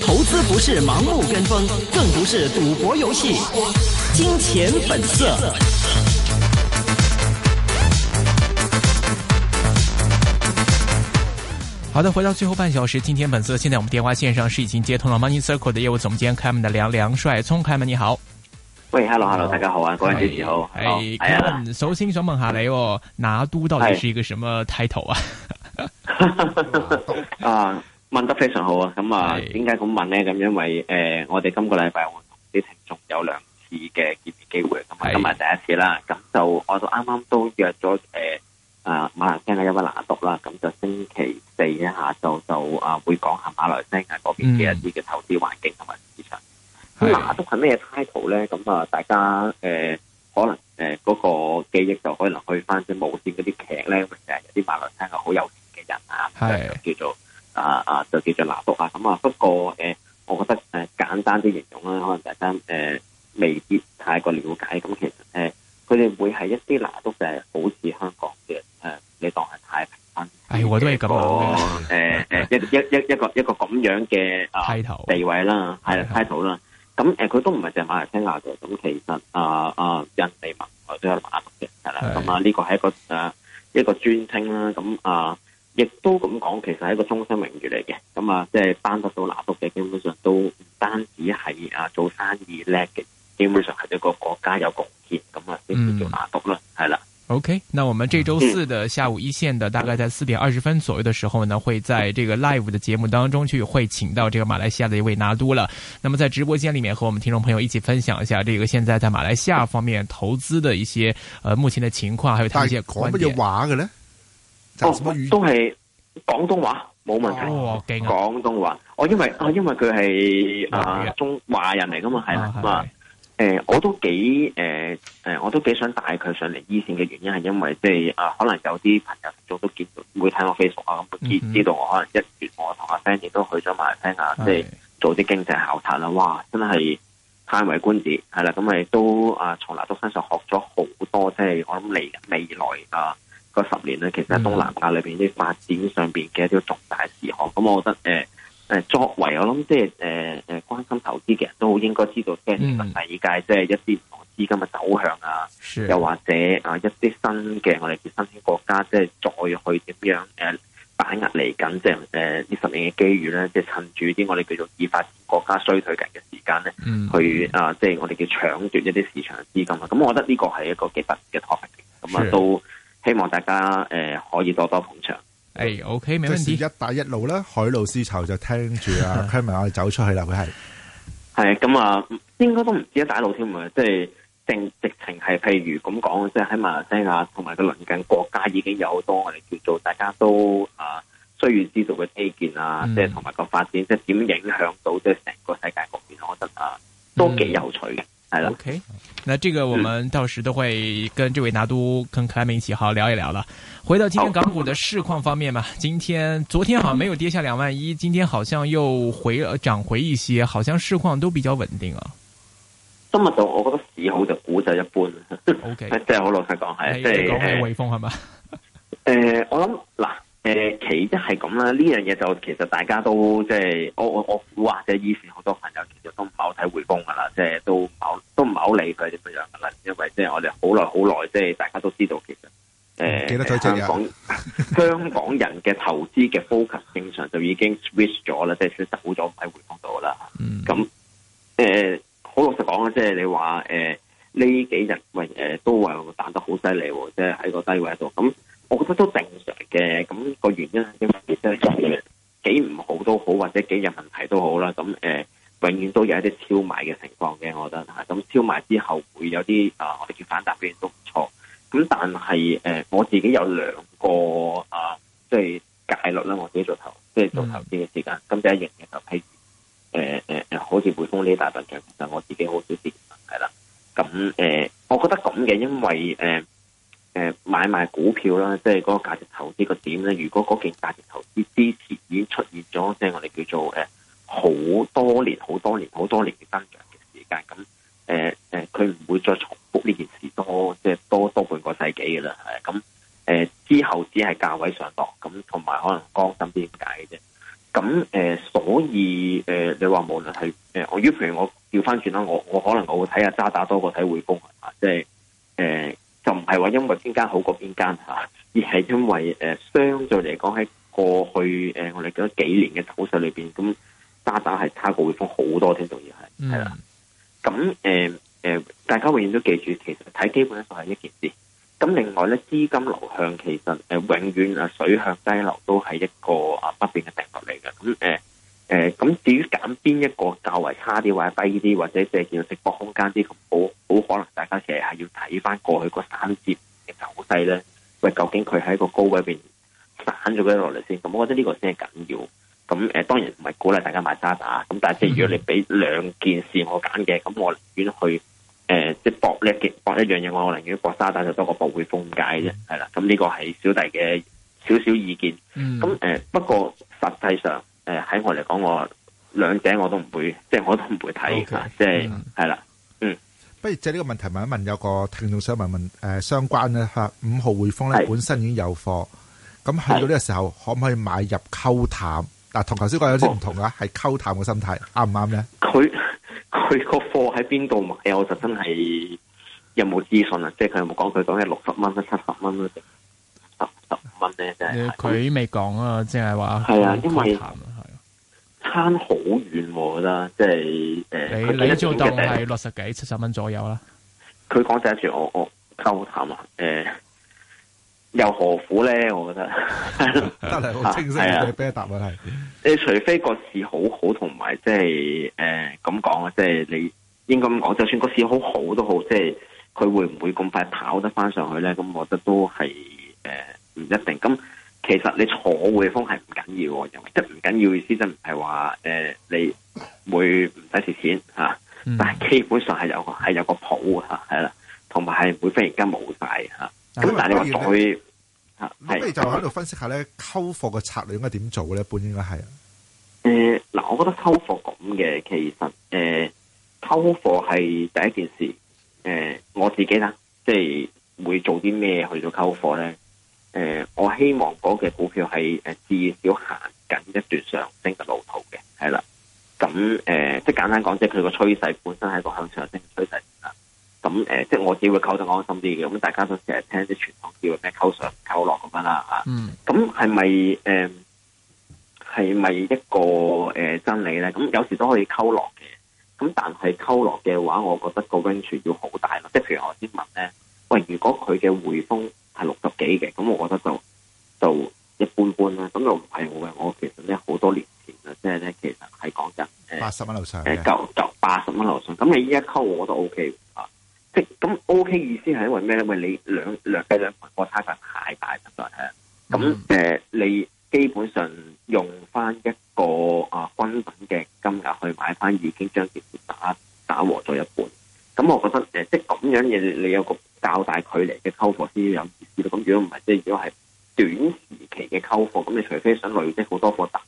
投資不是盲目跟風，更不是賭博遊戲。金錢本色。好的，回到最後半小時，金錢本色。現在我們電話線上是已經接通了 Money Circle 的業務總監 Clement 的梁梁帥聰，Clement 你好。喂，Hello，Hello，大家好啊，各位你好。好，Clement。首先想問下你，拿都到底是一個什麼 title 啊？啊， 問得非常好啊！咁啊，點解咁問咧？咁因為誒、呃，我哋今個禮拜會同啲聽眾有兩次嘅見面機會，咁同埋今日第一次啦。咁就我就啱啱都約咗誒，啊、呃、馬來西亞一位拿督啦。咁就星期四一下晝就就啊、呃，會講下馬來西亞嗰邊嘅一啲嘅投資環境同埋市場。咁拿督係咩 title 咧？咁啊，大家誒、呃，可能誒嗰、呃那個記憶就可能去翻啲無線嗰啲劇咧，成日有啲馬來西亞好有。啊，係叫做啊啊，就叫做拿督啊。咁啊，不過誒，我覺得誒簡單啲形容啦，可能大家誒未必太過了解。咁其實誒，佢、呃、哋會係一啲拿督，就係、是、好似香港嘅、啊、你當係太平山。誒、哎，我都係咁一個 一個一個一個一咁樣嘅派頭地位啦，係派頭啦。咁佢、嗯嗯、都唔係淨係馬來西亞嘅。咁其實啊啊，印度文我都有拿督嘅，啦。咁、嗯嗯、啊，呢個係一個誒一個尊稱啦。咁啊。啊都咁講，其實係一個終身名譽嚟嘅，咁、嗯、啊，即係擔得到拿督嘅，基本上都唔單止係啊做生意叻嘅，基本上係一個國家有貢獻，咁啊，先叫做拿督啦，係啦。OK，那我們這周四的下午一線的，大概在四點二十分左右嘅時候呢，會在這個 live 嘅節目當中去會請到這個馬來西亞的一位拿督了。那麼在直播間裏面和我們聽眾朋友一起分享一下，這個現在在馬來西亞方面投資的一些，呃，目前的情況，還有他們一些乜嘢話嘅呢？哦，都係。廣東話冇問題，廣、oh, okay. 東話，我、oh, okay. 哦、因為啊，因為佢係、啊、中華人嚟噶嘛，係啦，誒、oh, okay. 呃，我都幾誒誒、呃，我都幾想帶佢上嚟一線嘅原因係因為即係、就是、啊，可能有啲朋友早都見會睇我的 Facebook 啊，知知道我可能一月我同阿 Fan 亦都去咗埋聽下，即、okay. 係做啲經濟考察啦，哇，真係嘆為觀止，係啦，咁、嗯、咪都啊，從來都身上學咗好多，即、就、係、是、我諗未未來啊。十年咧，其實喺東南亞裏邊啲發展上邊嘅一啲重大事項，咁、嗯、我覺得誒誒、呃，作為我諗即係誒誒，關心投資嘅人都好應該知道，嗯、即年嘅第二屆即係一啲資金嘅走向啊，又或者啊、呃、一啲新嘅我哋叫新興國家，即係再去點樣誒、呃、把握嚟緊即係誒呢十年嘅機遇咧，即係趁住啲我哋叫做已發展國家衰退緊嘅時間咧、嗯，去啊、呃、即係我哋叫搶奪一啲市場資金啊，咁我覺得呢個係一個幾得意嘅 topic，咁啊都。希望大家誒、呃、可以多多捧場。誒、hey，OK，唔該，一帶一路啦，海路絲綢就聽住啊，跟 埋我哋走出去啦，佢係係咁啊，應該都唔止一帶一路添啊，即、就、係、是、正直情係譬如咁講，即係喺馬來西亞同埋個鄰近國家已經有好多我哋叫做大家都啊需要知道嘅基建啊，即係同埋個發展，即係點影響到即係成個世界局面，我覺得啊，都幾有趣嘅。嗯嗯 O、okay, K，那這個我們到時都會跟這位拿督、嗯、跟 Clement 一起好好聊一聊了。回到今天港股的市況方面嘛，今天昨天好像沒有跌下兩萬一，今天好像又回了漲回一些，好像市況都比較穩定啊。今日就我覺得市好就股就一般，OK，即係好老實講係，講下匯豐係嘛？誒、呃呃，我諗嗱。誒，其一係咁啦，呢樣嘢就其實大家都即係我我我或者以前好多朋友其實都唔係好睇匯豐噶啦，即係都不都唔係好理佢點樣噶啦，因為即係我哋好耐好耐即係大家都知道，其實誒、呃，香港 香港人嘅投資嘅 focus 正常就已經 switch 咗啦， 即係好咗喺匯豐度啦。咁、嗯、誒，好、呃、老實講啦，即係你話誒呢幾日唔誒都話打得好犀利，即係喺個低位度，咁我覺得都頂。即係幾日問題都好啦，咁誒、呃，永遠都有一啲超賣嘅情況嘅，我覺得吓。咁超賣之後會有啲啊，哋以反彈嘅都唔錯。咁但係誒、呃，我自己有兩個啊，即係戒律啦，我自己做投，即係做投資嘅時間，Mm-hmm. 今朝一型嘅就譬如，誒誒誒，好似匯豐呢啲大笨象，其實我自己好少跌，係啦。咁、呃、誒，我覺得咁嘅，因為誒誒、呃呃，買賣股票啦，即係嗰個價值投資個點咧，如果嗰件價值。即係我哋叫做誒，好多年、好多年、好多年嘅增長嘅時間，咁誒誒，佢、呃、唔會再重複呢件事多，即係多多半個世紀嘅啦，係咁誒之後只係價位上落，咁同埋可能光心點解嘅啫，咁誒、呃、所以誒、呃、你話無論係誒，我如譬如我調翻轉啦，我我可能我會睇下渣打多過睇匯豐啊，即係誒就唔係話因為邊間好過邊間吓，而係因為誒、呃走勢裏邊，咁渣打係差過匯豐好多添，聽仲要係係啦。咁誒誒，大家永遠都記住，其實睇基本就係一件事。咁另外咧，資金流向其實誒、呃、永遠啊水向低流都係一個啊不變嘅定律嚟嘅。咁誒誒，咁、呃呃、至於揀邊一個較為差啲或者低啲，或者即係要直播空間啲，好好可能大家其實係要睇翻過去個三折嘅走勢咧。喂，究竟佢喺個高位邊散咗幾多落嚟先？咁我覺得呢個先係緊要。咁誒、呃，當然唔係鼓勵大家買沙打，咁，但係即係如果你俾兩件事我揀嘅，咁我寧願去誒，即係搏叻嘅搏一樣嘢。我我寧願搏、呃、沙打就多過博匯豐街啫，係、嗯、啦。咁呢個係小弟嘅少少意見。咁、嗯、誒、呃，不過實際上誒喺、呃、我嚟講，我兩者我都唔會，即係我都唔會睇嚇、okay，啊，即係係啦。嗯，不如借呢個問題問一問，有個聽眾想問問誒、呃、相關咧嚇五號匯豐咧本身已經有貨咁，去到呢個時候可唔可以買入溝淡？嗱，同頭先講有啲唔同啊，係、哦、溝淡嘅心態，啱唔啱咧？佢佢個貨喺邊度買啊？我就真係有冇資訊啊？即係佢有冇講佢講嘅六十蚊、七十蚊、十十五蚊咧？佢未講啊，即係話係啊，因為差好遠、啊，我覺得即係誒、呃，你你做檔係六十幾、七十蚊左右啦。佢講第一條，我我溝淡啊。誒、呃。又何苦咧？我覺得 真係好清晰。 啊，答案係，你除非個市好好同埋即係誒咁講啊，即係你應該咁講就算個市好好都好，即係佢會唔會咁快跑得翻上去咧？咁我覺得都係誒唔一定。咁其實你坐匯豐係唔緊要，即係唔緊要意思就唔係話誒你會唔使蝕錢、啊嗯、但係基本上係有係有個譜嚇係啦，同埋係會忽然間冇晒。咁但係你要咧，咁你、啊、就喺度分析一下咧，溝貨嘅策略應該點做咧？一般應該係誒，嗱、呃，我覺得溝貨咁嘅，其實誒，溝貨係第一件事。誒、呃，我自己咧，即係會做啲咩去到溝貨咧？誒、呃，我希望嗰隻股票係誒、呃、至少行緊一段上升嘅路途嘅，係啦。咁誒、呃，即係簡單講，即係佢個趨勢本身係一個向上升嘅趨勢咁誒、呃，即係我只會溝得安心啲嘅。咁大家都成日聽啲傳統叫咩溝上溝落咁樣啦吓，咁係咪誒係咪一個、呃、真理咧？咁有時都可以溝落嘅。咁但係溝落嘅話，我覺得個溫存要好大喇。即係譬如我先問咧，喂，如果佢嘅匯豐係六十幾嘅，咁我覺得就就一般般啦。咁又唔係我嘅，我其實咧好多年前啦，即係咧其實係講緊，八十蚊樓上，誒舊八十蚊樓上，咁你依一溝我都 O、OK、K 即咁 OK 意思係因為咩咧？因為你兩兩兩分，個差價太大，實在係咁誒，你基本上用翻一個啊均等嘅金額去買翻已經將跌打打和咗一半。咁我覺得誒、呃，即咁樣嘢你，你有個較大距離嘅溝貨先有意思咯。咁、就是、如果唔係，即如果係短時期嘅溝貨，咁你除非想累積好多貨打。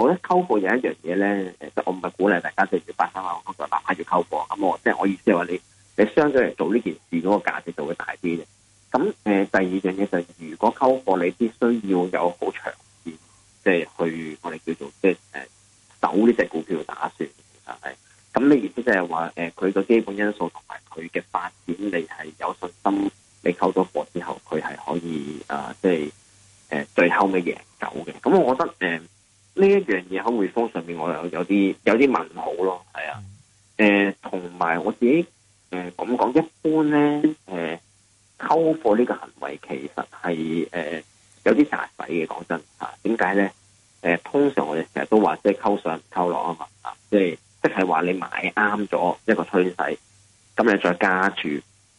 我覺得溝貨有一樣嘢咧，誒，我唔係鼓勵大家直住八三啊，我講個買住溝貨，咁我即係我意思係話你，你相對嚟做呢件事嗰個價值就會大啲嘅。咁誒，第二樣嘢就係如果溝貨，你必須要有好長線，即係去我哋叫做即係誒走呢隻股票嘅打算，係。咁你意思即係話誒，佢嘅基本因素同埋佢嘅發展，你係有信心，你溝到貨之後，佢係可以啊，即係誒最後尾贏走嘅。咁我覺得誒。呢一樣嘢喺匯豐上面，我又有啲有啲問號咯，係啊，誒同埋我自己誒咁講，一般咧誒溝貨呢、呃、個行為其實係誒、呃、有啲大洗嘅，講真嚇點解咧？誒、啊呃、通常我哋成日都話即係溝上溝落啊嘛，啊即係即係話你買啱咗一個趨勢，咁你再加住。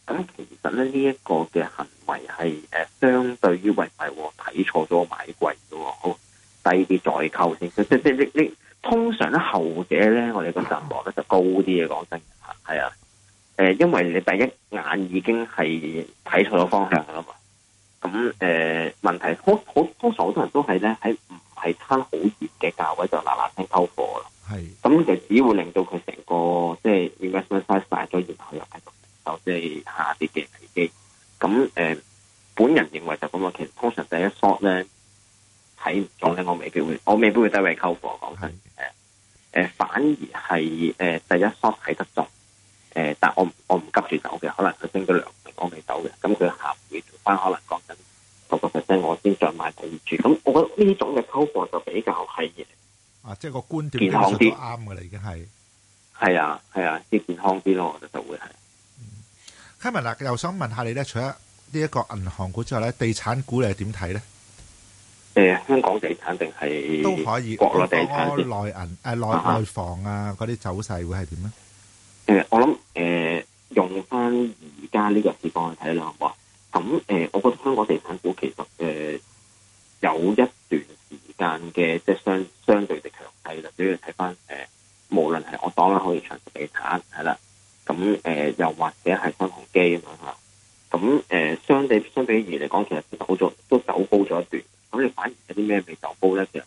咁其實咧呢一、這個嘅行為係誒、呃、相對於為何睇錯咗買貴嘅喎，好、啊。.低啲再溝先，即即即你你，你通常咧後者咧，我哋個陣亡咧就高啲嘅，講真吓，係啊，誒，因為你第一眼已經係睇錯咗方向啦嘛，咁誒、呃、問題，好好通常好多人都係咧喺唔係差好遠嘅價位就嗱嗱聲溝貨啦，係，咁就只會令到佢成。因為溝貨講緊，誒誒，反而係誒第一手睇得重，誒，但我我唔急住走嘅。可能佢升咗兩成，我未走嘅，咁佢下個月翻，可能講緊六個 percent，我先再買第二注。咁我覺得呢種嘅溝貨就比較係，啊，即係個觀點健康啲，啱噶啦，已經係，係啊係啊，先健康啲咯，我覺得就會係。嗯，Kevin 啦，又想問下你咧，除咗呢一個銀行股之外咧，地產股你係點睇咧？誒、呃，香港地產定係都可以國內地產、內銀誒內房啊，嗰、啊、啲走勢會係點咧？誒、呃，我諗誒、呃，用翻而家呢個市況去睇啦，係咁誒。我覺得香港地產股其實誒、呃、有一段時間嘅，即係相相對地強勢啦。主要睇翻誒，無論係我講啦，可以長地產係啦，咁誒、呃、又或者係新鴻基咁樣吓，咁誒、呃、相對相比而嚟講，其實走咗都走高咗一段。咁你反而有啲咩未受波咧？其實誒、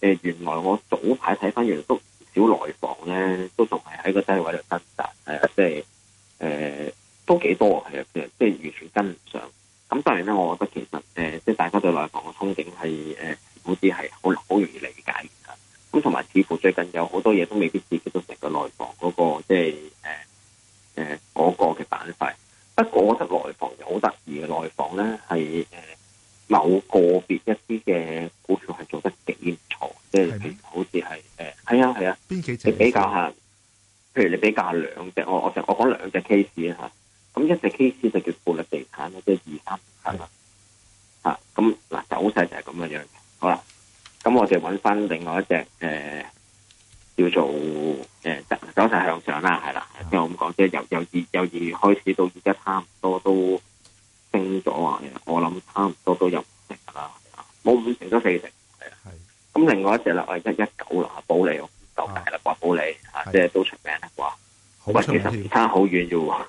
呃、原來我早排睇翻陽叔少內房咧，都仲係喺個低位度掙扎，係即係誒都幾多嘅，即係、係啊、完全跟唔上。咁當然咧，我覺得其實誒即係大家對內房嘅憧憬係誒好似係好好容易理解嘅。咁同埋似乎最近有好多嘢都未必。你比較下，譬如你比較下兩隻，我我成我講兩隻 case 啊，咁一隻 case 就叫富力地產即係二三零啦。嚇，咁嗱，走勢就係咁嘅樣。好啦，咁我哋揾翻另外一隻誒、呃，叫做誒、呃、走走勢向上啦，係啦，即我咁講，即係由由二由二月開始到而家，差唔多都升咗啊。我諗差唔多都有五成啦，冇五成都四成係啊。咁另外一隻啦，我係一一九啦，保利大、啊、啦，掛保利，吓即係都出名啦，掛。好其實唔差好遠啫喎，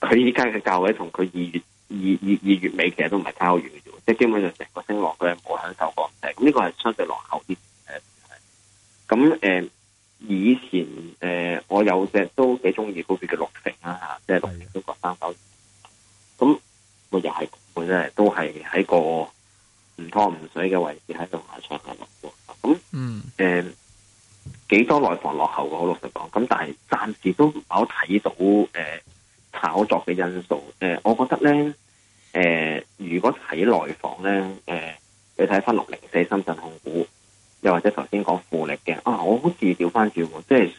佢依家嘅價位同佢二月二月二月二月尾其實都唔係差好遠嘅啫，即係基本上成個升浪佢係冇享受過咁呢、這個係相對落後啲咁誒，以前誒、呃，我有隻都幾中意嗰隻叫綠城啦，吓、啊，即係綠城都過三九。咁我又係，本、呃、身都係喺個唔湯唔水嘅位置喺度幾多內房落後嘅，好老實講。咁但係暫時都冇睇到誒、欸、炒作嘅因素。誒、欸，我覺得咧誒、欸，如果睇內房咧誒、欸，你睇翻六零四深圳控股，又或者頭先講富力嘅啊，我好似調翻轉，即係。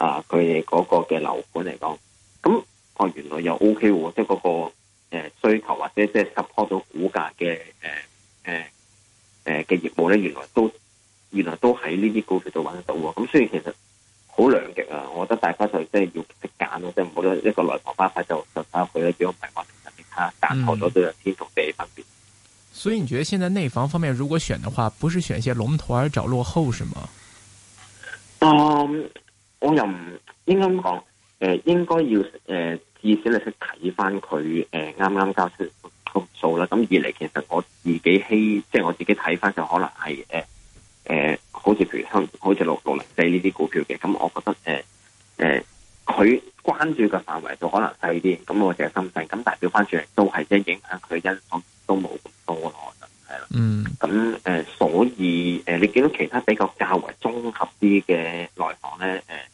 啊！佢哋嗰個嘅樓盤嚟講，咁哦，原來又 OK 喎，即係嗰個誒、呃、需求或者即係 support 到股價嘅誒誒誒嘅業務咧，原來都原來都喺呢啲股票度揾得到喎。咁所以其實好兩極啊！我覺得大家就即係要識揀咯，即係唔好咧一個內房板塊就就打去咧，只樣情況上面差好咗都有天同地分別。所以你覺得現在內房方面如果選嘅話，不是選一些龍頭而找落後是嗎？嗯。我又唔應該講，誒、呃、應該要誒、呃、至少你識睇翻佢誒啱啱交出個數啦。咁二嚟其實我自己希，即係我自己睇翻就可能係誒誒，好似譬如香，好似六六零四呢啲股票嘅。咁我覺得誒誒，佢、呃呃、關注嘅範圍就可能細啲。咁我就係深圳，咁代表翻轉嚟都係即係影響佢因素都冇咁多咯。我覺得係啦，嗯，咁誒。呃所以，誒、呃，你見到其他比較較為綜合啲嘅內房咧，誒、呃，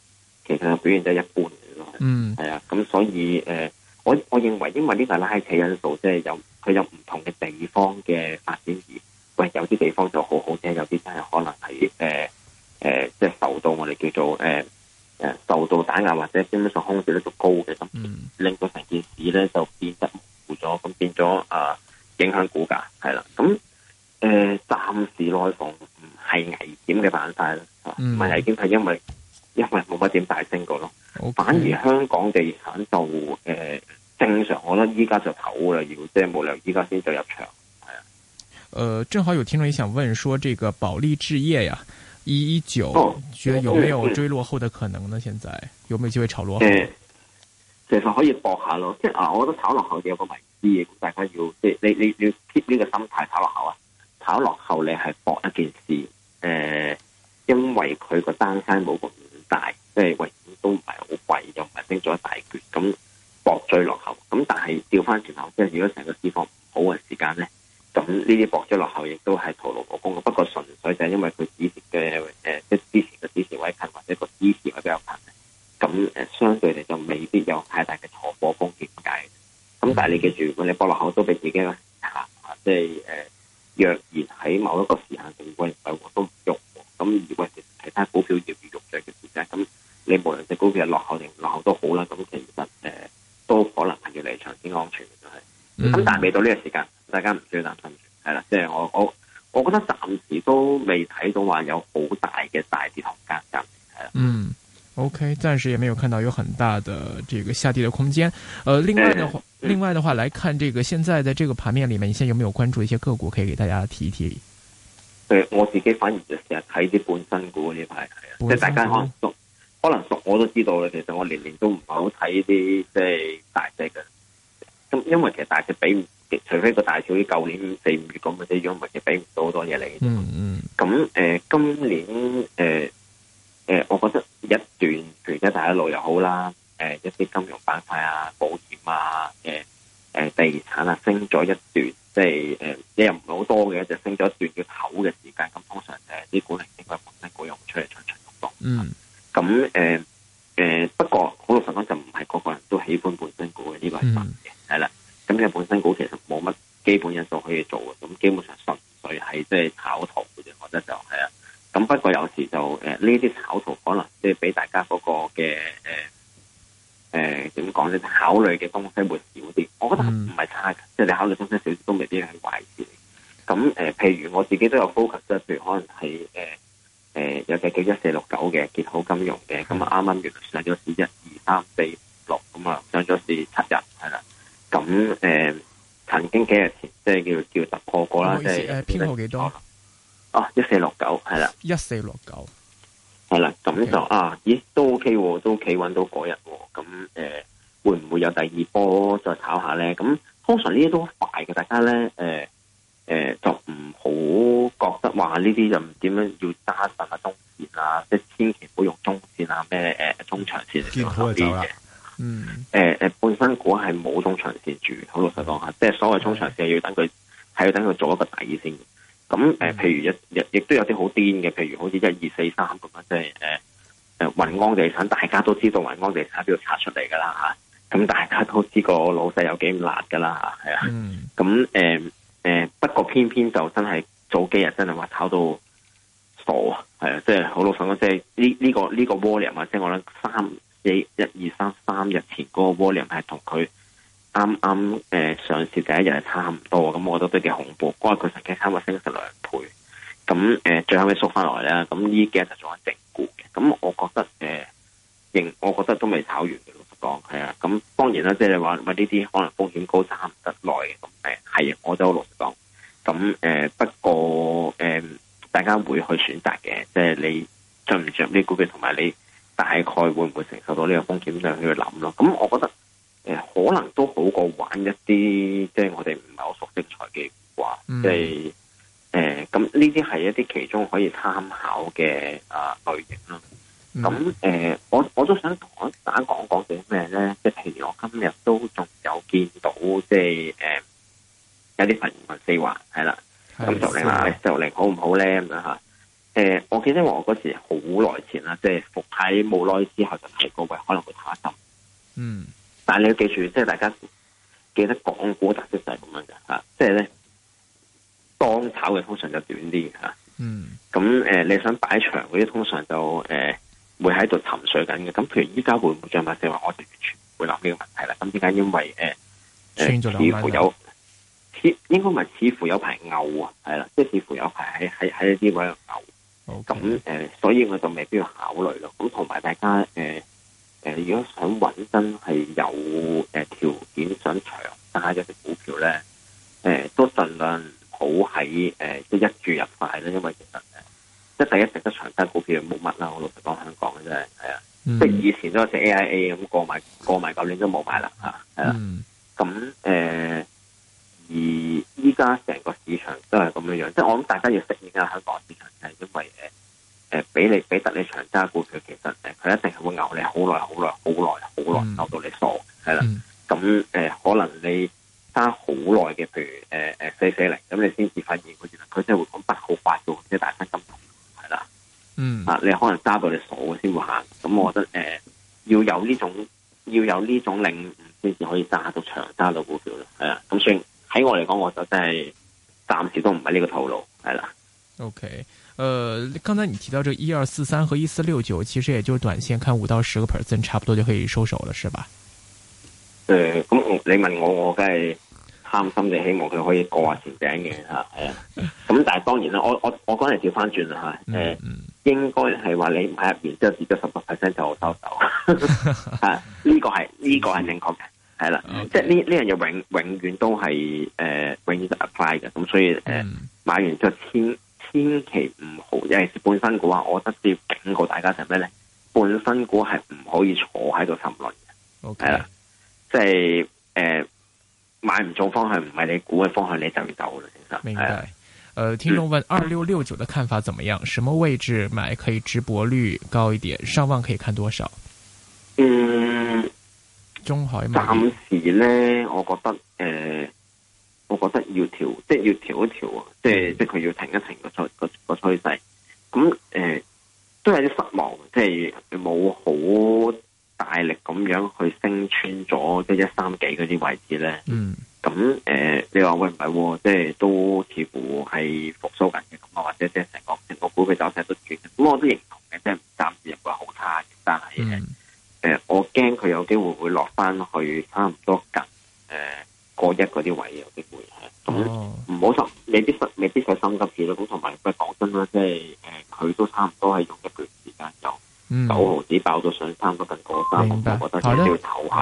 其實表現都一般，嗯，係、mm. 啊、呃，咁所以，誒、呃，我我認為，因為呢個拉扯因素，即係有佢有唔同嘅地方嘅發展而，喂、呃，有啲地方就很好好啫，有啲真係可能係誒誒，即、呃、係、呃呃呃、受到我哋叫做誒誒受到打壓或者基本上空置率高嘅咁，令、mm. 到成件事咧就變得模糊咗，咁變咗啊、呃、影響股價係啦，咁。嗯誒、呃，暫時內房唔係危險嘅板塊啦，問題已經係因為因為冇乜點大升過咯、嗯，反而香港地產就誒正常，我覺得依家就唞啦，要即係冇理由依家先再入場係啊。誒，正好有聽眾想問說，這個保利置業呀、啊，一一九、哦、覺得有沒有追落後的可能呢？現在、嗯、有沒有機會炒落後？呃、其實可以搏下咯，即係啊，我覺得炒落後有個迷思嘅，大家要即係你你，你，你要 keep 呢個心態炒落後啊。跑落後你係搏一件事，誒、呃，因為佢個單身冇咁大，即係位都唔係好貴，又唔係拎咗一大鉸，咁搏追落後，咁但係調翻前後，即係如果成個市況唔好嘅時間咧，咁呢啲搏追落後亦都係徒勞無功。不過純粹就係因為佢支持嘅誒，即係之前嘅支持位近，或者個支持位比較近，咁誒、呃、相對嚟就未必有太大嘅錯過風險解。咁但係你記住，如果你搏落後都畀自己啦嚇、啊，即係誒。呃若然喺某一個時限定貴，我都唔喐。咁如果其他股票要入嘅時間，咁你無論隻股票落後定唔落後都好啦。咁其實誒、呃、都可能係要離場先安全，係、嗯。咁但係未到呢個時間，大家唔需要擔心。係啦，即係我我我覺得暫時都未睇到話有好大嘅大跌頭間間。係啊。嗯。O、okay, K，暫時亦沒有看到有很大的這個下跌嘅空間。呃，另外嘅話。嗯嗯、另外的話，來看這個現在在這個盤面裏面，你現在有沒有關注一些個股，可以給大家提一提？誒，我自己反而就成日睇啲本身股呢排，即係大家可能熟，可能熟我都知道啦。其實我年年都唔係好睇啲即係大隻嘅，咁因為其實大隻比唔，除非個大市喺舊年四五月咁嘅啲樣物，就比唔到好多嘢嚟。嗯咁誒、呃，今年誒誒、呃呃，我覺得一段全一帶一路又好啦。誒、呃，一啲金融板塊啊、保險啊、誒、呃、誒地產啊，升咗一段，即係誒，你又唔係好多嘅，就升咗一段嘅頭嘅時間。咁通常誒啲、呃、股民、呃、應該半新股用出嚟出出足多，咁誒誒。不過好老實講，就唔係個個人都喜歡半新股嘅，呢、這個係真嘅係啦。咁、嗯、因半新股其實冇乜基本因素可以做嘅，咁基本上純粹係即係炒圖嘅啫。我覺得就係、是、啊，咁不過有時就誒呢啲炒圖可能即係俾大家嗰個嘅誒。呃誒、呃，點講咧？考慮嘅東西會少啲，我覺得唔係差嘅，嗯，即係你考慮東西少啲都未必係壞事。咁誒、呃，譬如我自己都有 focus，譬如可能喺誒誒有隻叫一四六九嘅，建好金融嘅，咁啊啱啱原來上咗市一二三四六咁啊，上咗市七日係啦。咁誒、呃，曾經幾日前即係叫叫突破過啦，即係，就是呃、偏過幾多？哦、啊，一四六九係啦，一四六九。係啦，咁就、okay. 啊，咦，都 OK，都企穩到嗰日，咁誒、呃，會唔會有第二波再炒下咧？咁通常呢啲都快嘅，大家咧誒誒，就唔好覺得話呢啲就唔點樣要揸實下中線啊，即係千祈唔好用中線啊咩誒、呃，中長線嗰啲嘢。嗯。誒、呃、誒、呃，半新股係冇中長線住，好老實講下，mm -hmm. 即係所謂中長線要等佢，係、okay. 要等佢做一個底先。咁誒、呃，譬如一亦亦都有啲好癲嘅，譬如好似一二四三咁樣，即係誒誒雲安地產，大家都知道雲安地產喺邊度拆出嚟噶啦嚇，咁、啊嗯嗯、大家都知個老細有幾咁辣噶啦嚇，係啊，咁誒誒，不、呃、過、呃呃、偏偏就真係早幾日真係話炒到傻，係啊，即係好老實講，即係呢呢個呢、呢個 volume 啊，即係我諗三四一二三三日前嗰個 volume 係同佢。啱啱誒上市第一日係差唔多，咁我覺得都幾恐怖。嗰日佢曾經三個星期成兩倍，咁誒、呃、最後尾縮翻嚟啦。咁呢幾日就做緊整固嘅，咁我覺得誒，仍、呃、我覺得都未炒完嘅。老實講係啊，咁當然啦，即係話喂呢啲可能風險高差唔得耐嘅，咁誒係。我都好老實講，咁誒、呃、不過誒、呃，大家會去選擇嘅，即係你中唔中啲股票，同埋你大概會唔會承受到呢個風險，就去諗咯。咁我覺得。誒，可能都好過玩一啲，即係我哋唔係好熟悉嘅財技啩。即係誒，咁呢啲係一啲其中可以參考嘅啊類型咯。咁、嗯、誒、呃，我我都想同大家講講啲咩咧。即係譬如我今日都仲有見到，即係誒，有啲朋友四話係啦，咁十六零啊，十六零好唔好咧咁樣吓？誒、呃，我記得我嗰時好耐前啦，即係復牌冇耐之後就係個位，可能會踏一踏嗯。但係你要記住，即係大家記得港股特色就係咁樣嘅吓、啊，即係咧當炒嘅通常就短啲吓、啊。嗯。咁、呃、誒，你想擺長嗰啲通常就誒、呃、會喺度沉睡緊嘅。咁譬如依家會唔會漲埋？即係話我完全唔會諗呢個問題啦。咁點解？因為誒誒、呃呃，似乎有似應該咪似乎有排牛啊，係啦，即係似乎有排喺喺喺一啲位度牛。咁誒、okay. 呃，所以我就未必要考慮咯。咁同埋大家誒。呃誒、呃，如果想揾真係有誒條、呃、件想長揸一隻股票咧，誒、呃，都盡量好喺誒、呃，即一注入塊，因為其實誒，即係第一值得長揸股票冇乜啦，我老實講香港嘅真係啊，mm. 即係以前都係隻 AIA 咁過埋過埋，舊年都冇買啦吓，係咁誒，而依家成個市場都係咁樣樣，即係我諗大家要適應下香港市場，因為誒。誒，俾你俾得你長揸股票，其實誒，佢一定係會牛你好耐好耐好耐好耐，牛到你傻，係啦。咁、嗯、誒、呃，可能你揸好耐嘅，譬如，誒誒四四零，咁、呃、你先至發現佢，真係會講不好發到即係大家咁，係啦。嗯啊，你可能揸到你傻先會行。咁我覺得誒、呃，要有呢種要有呢種領悟，先至可以揸到長揸到股票咯。係啊，咁所以喺我嚟講，我就真係暫時都唔係呢個套路，係啦。OK。呃，剛才你提到這一二四三和一四六九，其實也就是短線看五到十個 percent，差不多就可以收手了，是吧？誒、呃、咁、嗯、你問我，我梗係貪心地希望佢可以過下前頂嘅吓，係啊。咁、嗯嗯、但係當然啦，我我我嗰陣調翻轉啦吓，誒、呃嗯，應該係話你買入邊之後跌咗十個 percent 就收手，呢、嗯、 個係呢、這個係正確嘅，係啦、嗯，即係呢呢樣嘢永永遠都係誒、呃、永遠都 apply 嘅，咁所以誒買完之後千。呃嗯千祈唔好，因為半新股啊，我覺得要警告大家就，係咩咧？半新股係唔可以坐喺度沉淪嘅，係、okay. 啦，即係誒，買唔中方向唔係你估嘅方向，你就要走啦。其實，明白。誒、呃，聽眾問二六六九嘅看法怎麼樣、嗯？什麼位置買可以值博率高一點？上望可以看多少？嗯，中海，暫時咧，我覺得誒。呃要調，即係要調一調啊！即係即係佢要停一停個趨個個趨勢。咁誒、呃、都係啲失望，即係冇好大力咁樣去升穿咗，即係一三幾嗰啲位置咧。嗯、mm.。咁、呃、誒，你話喂唔係、哦、即係都似乎係復甦緊嘅咁啊，或者即係成個成個股佢走勢都轉。咁我都認同嘅，即係暫時又唔係好差，但係誒誒，我驚佢有機會會落翻去差唔多近誒嗰、呃、一嗰啲位有機會。咁唔好心，你、嗯、必未必你必係心急住咯。咁同埋，喂，講真啦，即係誒，佢、呃、都差唔多係用一段時間就九毫紙爆咗上三份過三，我覺得佢都要唞下。